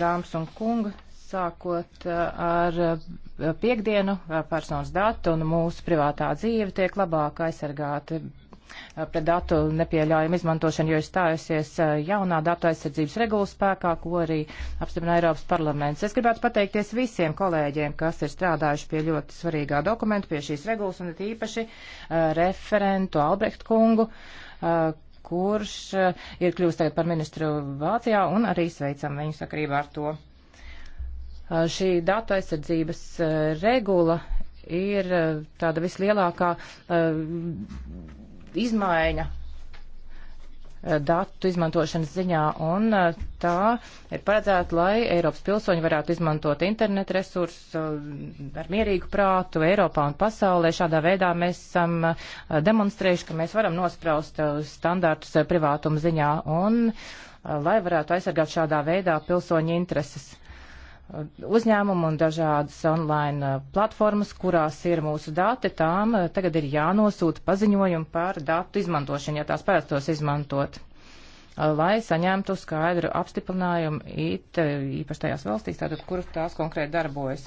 dāmas un kungi, sākot eh, ar eh, piekdienu eh, personas datu un mūsu privātā dzīve tiek labāk aizsargāta pret datu nepieļaujumu izmantošanu, jo ir stājusies jaunā datu aizsardzības regula spēkā, ko arī apstiprina Eiropas parlaments. Es gribētu pateikties visiem kolēģiem, kas ir strādājuši pie ļoti svarīgā dokumenta, pie šīs regulas un īpaši uh, referentu Albrecht kungu, uh, kurš eh, ir kļūst tagad par ministru Vācijā un arī sveicam viņu sakarībā ar to. Eh, šī datu aizsardzības eh, regula ir tāda vislielākā izmaiņa Eh, datu izmantošanas ziņā, un eh, tā ir paredzēta, lai Eiropas pilsoņi varētu izmantot internetu resursus eh, ar mierīgu prātu Eiropā un pasaulē. Šādā veidā mēs esam demonstrējuši, ka mēs varam nospraust standārtus privātuma ziņā, un lai varētu aizsargāt šādā veidā pilsoņu intereses uzņēmumu un dažādas online uh, platformas, kurās ir mūsu dati, tām uh, tagad ir jānosūta paziņojumi par datu izmantošanu, ja tās pēc tos izmantot, uh, lai saņemtu skaidru apstiprinājumu it, īpaši tajās valstīs, tātad, kur tās konkrēti darbojas.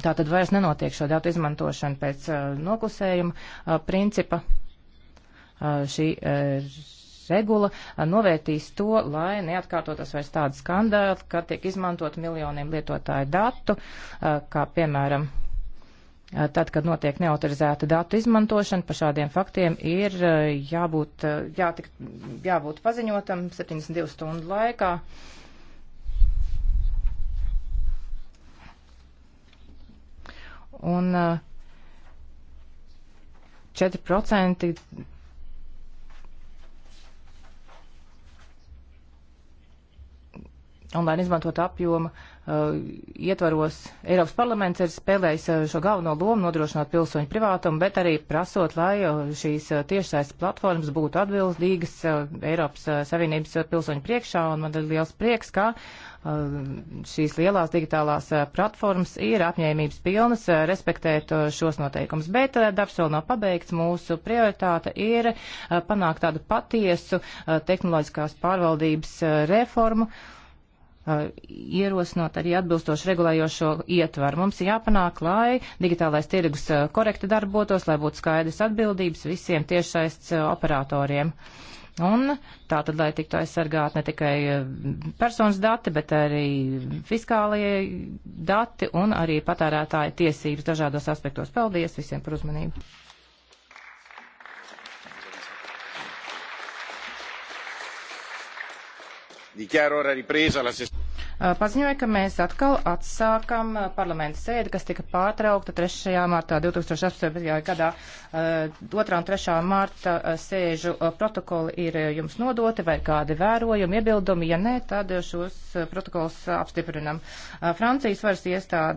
Tātad vairs nenotiek šo datu izmantošana pēc uh, noklusējuma uh, principa. Uh, šī, uh, regula novērtīs to, lai neatkārtotas vairs tāda skandāla, ka tiek izmantot miljoniem lietotāju datu, kā piemēram. Tad, kad notiek neautorizēta datu izmantošana, par šādiem faktiem ir jābūt, jātik, jābūt paziņotam 72 stundu laikā. Un 4% online izmantot apjoma uh, ietvaros Eiropas parlaments ir spēlējis uh, šo galveno lomu nodrošināt pilsoņu privātumu, bet arī prasot, lai uh, šīs uh, tiešsaistes platformas būtu atbildīgas uh, Eiropas uh, Savienības pilsoņu priekšā, un man ir liels prieks, ka šīs lielās digitālās platformas ir apņēmības pilnas respektēt šos noteikumus. Bet darbs vēl nav pabeigts. Mūsu prioritāte ir panākt tādu patiesu tehnoloģiskās pārvaldības reformu. Uh, Uh, ierosināt arī atbilstoši regulējošo ietvaru. Mums ir jāpanāk, lai digitālais tirgus uh, korekti darbotos, lai būtu skaidrs atbildības visiem tiešais uh, operatoriem. Un tā tad, lai tiktu aizsargāt ne tikai personas dati, bet arī fiskālie dati un arī patērētāja tiesības dažādos aspektos. Paldies visiem par uzmanību! Eh, paziņoja, ka mēs atkal atsākam eh, parlamentu sēdi, kas tika pārtraukta 3. martā 2018. gadā. 2. Eh, un 3. marta sēžu protokoli ir jums nodoti vai kādi vērojumi, iebildumi. Ja nē, tad šos protokols apstiprinam. Francijas varas iestāde.